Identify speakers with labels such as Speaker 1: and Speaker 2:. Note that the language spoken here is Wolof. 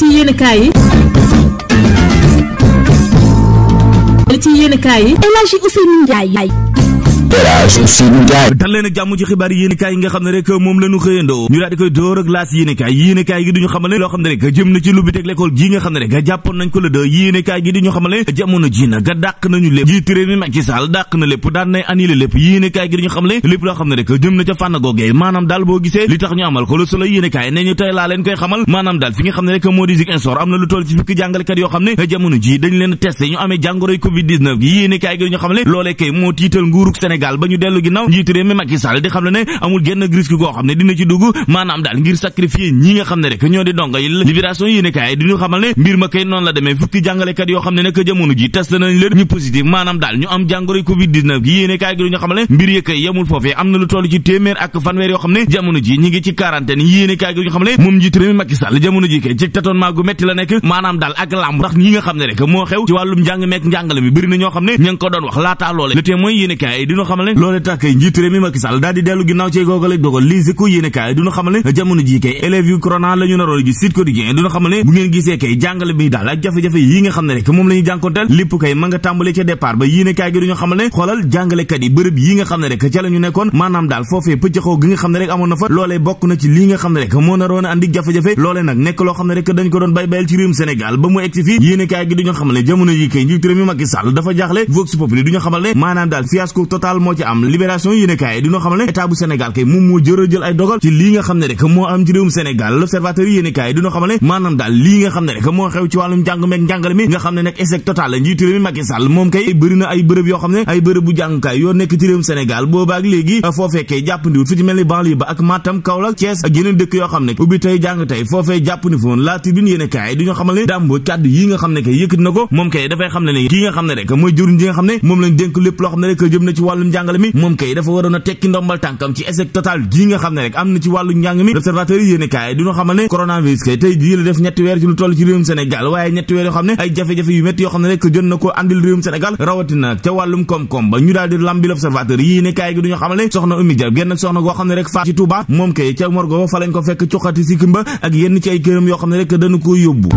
Speaker 1: ci yéenekaay yi ci yéenekaay yi El Hadji Ousseynou Ndiaye Elhadj leen jàmm ci xibaar yéenekaay yi nga xam ne rek moom la xëyandoo ñu daal di koy door ak yéenekaay yéenekaay gi ñu amal ko kay moo tiital nguurug Sénégal Sénégal ba ñu dellu ginnaaw njiitu réew mi Macky Sall di xam ne amul genn risque goo xam ne dina ci dugg maanaam daal ngir sacrifier ñi nga xam ne rek ñoo di donga yi libération yéene kaay di ñu xamal la ne nag jamono ji test am jàngoroy covid 19 gi yéene kaay gi du ñu ne mbir yi kay yemul am na lu toll ci téeméer ak fanweer yoo xam ne jamono ji ñi ngi ci quarantaine yéene kaay gi du ñu xamal ne moom njiitu mi Macky Sall jamono ji kay ci tâtonnement xamal ne loolee tax kay njiitu réew dellu ginnaaw ci googale dogal lii si ko yéene duñu xamal ne jamono ji kay élèves yi nga a andi jafe-jafe loolee nag nekk loo xam ne rek dafa jaaxle Vox Populi duñu xamal ne maanaam daal fiasco total dogal moo ci am libération yéen kaay xamal ni banlieue kàddu yi nga xam ne kay yëkkati ko moom kay dafay xam ne kii nga xam ne rek mooy jëruñ ji nga xam ne moom lañ dénk lépp loo xam ne rek jëm na ci wàllum njàngale moom kay dafa waroon a tekki ndombal tànkam ci échec total ji nga xam ne rek am na ci wàllu njàng mi l'observateur yi yéen du ñu xamal ne coronavirus kay na ko àndil réewum Sénégal rawatina ca wàllum koom-koom ba ñu daal di lambi l'observateur yi yéen gi du ñu xamal ne soxna Oumy genn soxna goo xam ne rek faat ci Touba moom kay ca morgo fa lañ ko fekk cuqati si ak yenn ci ay këram yoo xam ne rek dañu ko yóbbu